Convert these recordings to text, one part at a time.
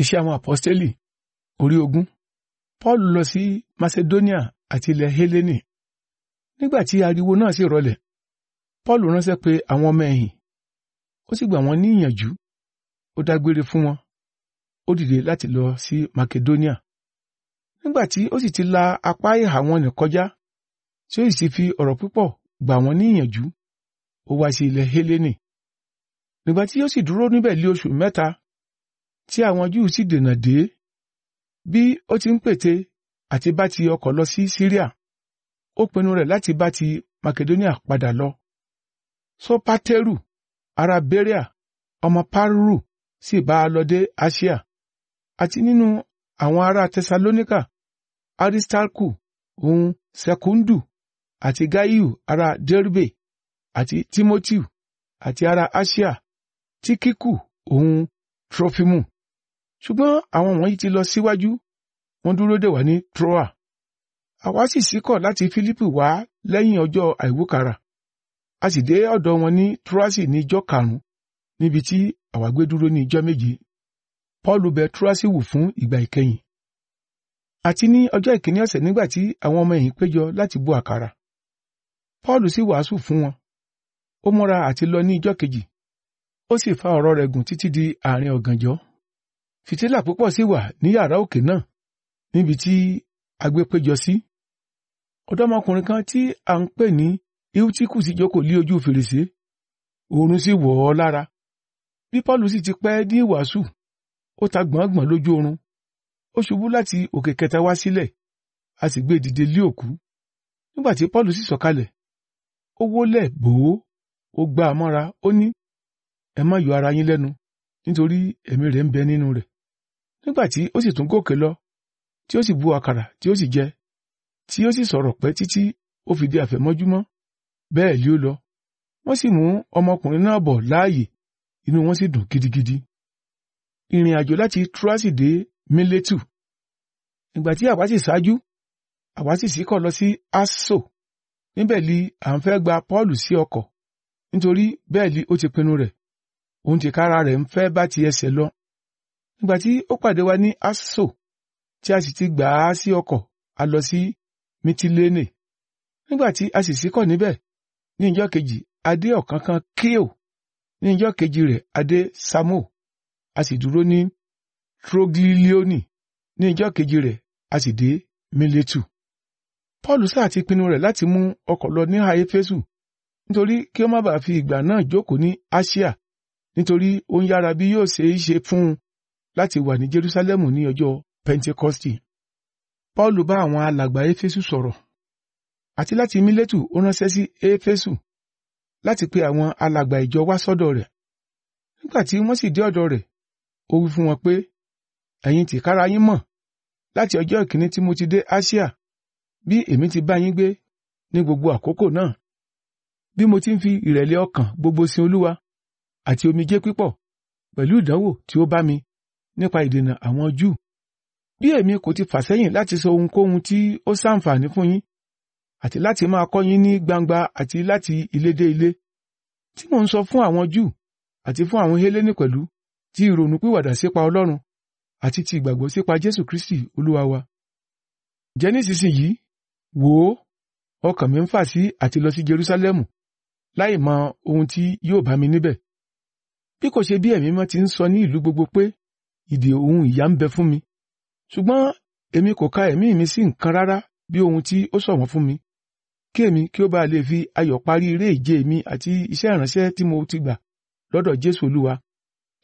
Iṣẹ́ àwọn àpọ́stélì orí ogún. Paul lọ sí Macedonia àti ilẹ̀ Hélènì. Nígbà tí ariwo náà sì rọlẹ̀, Paul ránṣẹ́ pé àwọn ọmọ ẹ̀yìn. Ó sì gbà wọ́n ní ìyànjú. Ó dágbére fún wọn. Ó dìde láti lọ sí Macedonia. Nígbà tí ó sì ti la apá ìhà wọn nì kọjá, tí ó sì fi ọ̀rọ̀ púpọ̀ gbà wọ́n ní ìyànjú. Ó wá sí ilẹ̀ Hélènì. Nígbà tí ó sì dúró níbẹ̀ lé oṣù mẹ́ta tí àwọn Júù sì dènà dé bí ó ti ń pète àti bá ti ọkọ̀ lọ sí Síríà ó pinnu rẹ̀ láti bá ti Makedonia padà lọ. Sópátérù ará Beria ọmọ Paruru sì bá a lọ dé Asia àti nínú àwọn ará Tẹsalóníkà Aristarku òun Sekundu àti Gaiu ara Derbe àti Timotiu àti ara Asia Tikiku òun Trofimu ṣùgbọ́n àwọn wọ̀nyí ti lọ síwájú wọ́n dúró dè wá ní Troa àwa sì ṣíkọ̀ láti Fílípì wá lẹ́yìn ọjọ́ àìwúkàrà a sì dé ọ̀dọ̀ wọn ní Troasi ní ijọ́ karùn-ún níbi tí àwa gbé dúró ní ijọ́ méje Pọ́ọ̀lù bẹ Troasi wò fún ìgbà ìkẹyìn àti ní ọjọ́ ìkíní ọ̀sẹ̀ nígbà tí àwọn ọmọ ẹ̀yìn péjọ láti bu àkàrà Pọ́ọ̀lù sì wàásù fún wọn ó múra àti lọ ní ijọ́ kejì ó sì fa ọ̀rọ̀ rẹ̀ gùn títí di àárín ọ̀gànjọ́ fìtílà púpọ̀ sì wà ní yàrá òkè náà níbi tí a gbé péjọ sí. ọ̀dọ́mọkùnrin kan tí a ń pè ní Eutiku sì jókòó lé ojú fèrèsé oorun sì wọ̀ ọ́ lára bí Pọ́ọ̀lù sì ti pẹ́ ní ìwàásù ó ta gbọ̀ngbọ̀n lójú oorun ó ṣubú láti òkè kẹta wá sílẹ̀ a sì gbé e dìde lé òkú nígbà tí Pọ́ọ̀lù sì sọ̀kalẹ̀ ó wólẹ̀ bòó ó gbá a mọ́ra ó ní ẹ má yọ ara yín lẹ́nu nítorí ẹ̀mí rẹ̀ ń bẹ nínú rẹ̀ nígbà tí ó sì tún gòkè lọ tí ó sì bu àkàrà tí ó sì jẹ tí ó sì sọ̀rọ̀ pẹ́ títí ó fi di àfẹ̀mọ́júmọ́ bẹ́ẹ̀ lé ó lọ wọ́n sì mú ọmọkùnrin náà bọ̀ láàyè inú wọn sì dùn gidigidi ìrìn àjò láti Troasi dé Miletu ìgbà tí àwa sì ṣáájú àwa sì ṣíkọ̀ lọ sí Aso níbẹ̀ li à ń fẹ́ gba Paul sí ọkọ̀ nítorí bẹ́ẹ̀ li ó ti pinnu rẹ̀ òun tìkára rẹ̀ ń fẹ́ bá ti ẹsẹ̀ lọ nígbà tí ó pàdé wa ní Aso tí a sì ti gbà á sí ọkọ̀ a lọ sí Mitilene nígbà tí a sì síkọ̀ níbẹ̀ ní ìjọ́ kejì a dé ọ̀kánkán Kio ní ìjọ́ kejì rẹ̀ a dé Samo a sì dúró ní Troglilioni ní ìjọ́ kejì rẹ̀ a sì dé Miletu Paul sáà ti pinnu rẹ̀ láti mú ọkọ̀ lọ ní Haefesu nítorí kí ó má bàa fi ìgbà náà jókòó ní Asia nítorí ó ń yára bí yóò ṣe é ṣe fún un láti wà ní Jerúsálẹ́mù ní ọjọ́ Pentikọ́stì. Paul bá àwọn alàgbà Éfésù sọ̀rọ̀ àti láti Mílétù ó ránṣẹ́ sí Éfésù láti pe àwọn alàgbà ìjọ wá sọ́dọ̀ rẹ̀. Nígbà tí wọ́n sì dé ọ̀dọ̀ rẹ̀, ó wí fún wọn pé, ẹ̀yin tìkára yín mọ̀ láti ọjọ́ ìkíní tí mo ti dé Asia bí èmi ti bá yín gbé ní gbogbo àkókò náà. Bí mo ti ń fi ìrẹ̀lẹ̀ ọkàn gbogbo sin Olúwa àti omijé pípọ̀ pẹ̀lú ìdánwò tí ó bá mi nípa ìdènà àwọn Júù bí èmi kò ti fà sẹ́yìn láti sọ ohunkóhun tí ó ṣàǹfààní fún yín àti láti máa kọ́ yín ní gbangba àti láti ilé dé ilé tí mò ń sọ fún àwọn Júù àti fún àwọn Hélénì pẹ̀lú ti ìrònúpìwàdà sípa Ọlọ́run àti ti ìgbàgbọ́ sípa Jésù Kristi Olúwa wa jẹ́ nísinsìnyí wò ó ọkàn mi ń fà sí àti lọ sí Jerúsálẹ́mù láì mọ ohun tí yóò bá mi níbẹ̀ bí kò ṣe bí ẹ̀mí mọ́ ti ń sọ ní ìlú gbogbo pé ìdè ohun ìyà ń bẹ fún mi. Ṣùgbọ́n èmi kò ka ẹ̀mí mi sí nǹkan rárá bí ohun tí ó ṣọ̀wọ́n fún mi. Kí èmi kí ó bá lè fi ayọ̀ parí eré ìje mi àti iṣẹ́ ìránṣẹ́ tí mo ti gbà lọ́dọ̀ Jésù Olúwa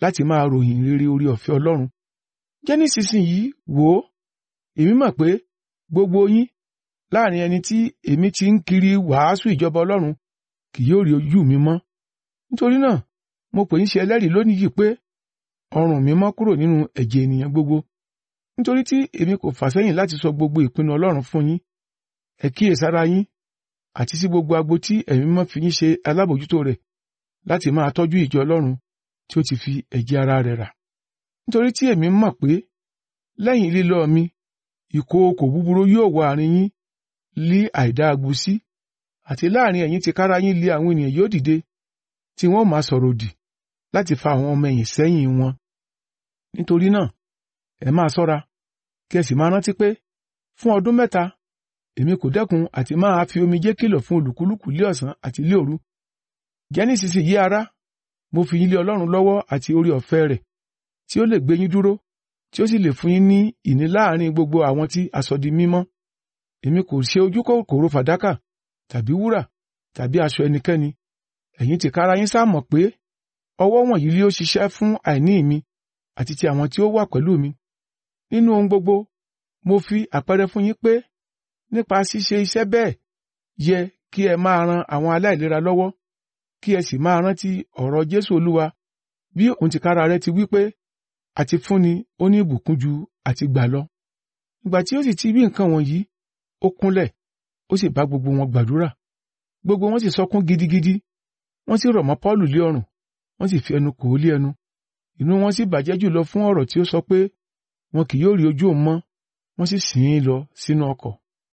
láti máa ròyìn rere orí ọ̀fẹ́ Ọlọ́run. Jẹ́ nísinsìnyí wò ó, èmi mọ̀ pé gbogbo yín láàrin ẹni tí èmi ti ń kiri wàásù ìjọba Ọlọ́run kì yóò rí ojú mi mọ́. Nítorí náà, mo pè ń ṣe ẹlẹ́rìí lónìí yìí pé ọrùn mi mọ́ kúrò nínú ẹ̀jẹ̀ ènìyàn gbogbo nítorí tí èmi kò fà sẹ́yìn láti sọ gbogbo ìpinnu Ọlọ́run fún yín ẹ kíyèsára yín àti sí gbogbo agbo tí ẹ̀mí mọ́ fi yín ṣe alábòjútó rẹ̀ láti máa tọ́jú ìjọ Ọlọ́run tí ó ti fi ẹ̀jẹ̀ ara rẹ̀ rà nítorí tí èmi mọ̀ pé lẹ́yìn lílọ mi ìkookò búburú yóò wà àárín yín lí àìdá agbo sí àti láàrin ẹ̀yin tìkára yín lé àwọn ènìyàn yóò dìde tí wọ́n máa sọ̀rọ̀ òdì láti fa àwọn ọmọ ẹ̀yìn sẹ́yìn wọn Nítorí náà, ẹ máa ṣọ́ra, kí ẹ sì máa rántí pé fún ọdún mẹ́ta èmi kò dẹ́kun àti máa fi omijé kìlọ̀ fún olúkúlùkù lé ọ̀sán àti lé òru. Jẹ́ nísinsìnyí ará, mo fi yín lé Ọlọ́run lọ́wọ́ àti orí ọ̀fẹ́ rẹ̀ tí ó lè gbé yín dúró tí ó sì lè fún yín ní ìní láàrin gbogbo àwọn tí a mímọ́. Èmi kò ṣe ojúkòkòrò fàdákà tàbí wúrà tàbí aṣọ ẹnikẹ́ni. Ẹ̀yin tìkára yín sá mọ̀ pé ọwọ́ wọ̀nyí ni ó ṣiṣẹ́ fún àìní mi àti ti àwọn tí ó wà pẹ̀lú mi. Nínú ohun gbogbo, mo fi àpẹẹrẹ fún yín pé nípa ṣíṣe iṣẹ́ bẹ́ẹ̀ yẹ kí ẹ máa ran àwọn aláìlera lọ́wọ́ kí ẹ sì máa rántí ọ̀rọ̀ Jésù Olúwa bí òǹtìkára rẹ̀ ti wí pé àti fúnni ó ní ìbùkún ju àti gbà lọ. Ìgbà tí ó sì ti wí nǹkan wọ̀nyí, ó kúnlẹ̀, ó sì bá gbogbo wọn gbàdúrà. Gbogbo wọn sì sọkún gidigidi, wọ́n sì rọ̀ mọ́ Pọ́ọ̀lù lé ọrùn, wọ́n sì fi ẹnu kò ó lé ẹnu inú wọn sì bàjẹ́ jùlọ fún ọ̀rọ̀ tí ó sọ pé wọn kì yóò rí ojú òun mọ́ wọ́n sì sìn ín lọ sínú ọkọ̀.